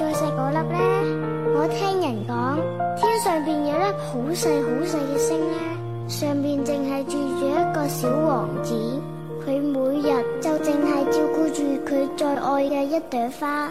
最細嗰粒呢，我聽人講，天上邊有粒好細好細嘅星呢，上面淨係住住一個小王子，佢每日就淨係照顧住佢最愛嘅一朵花。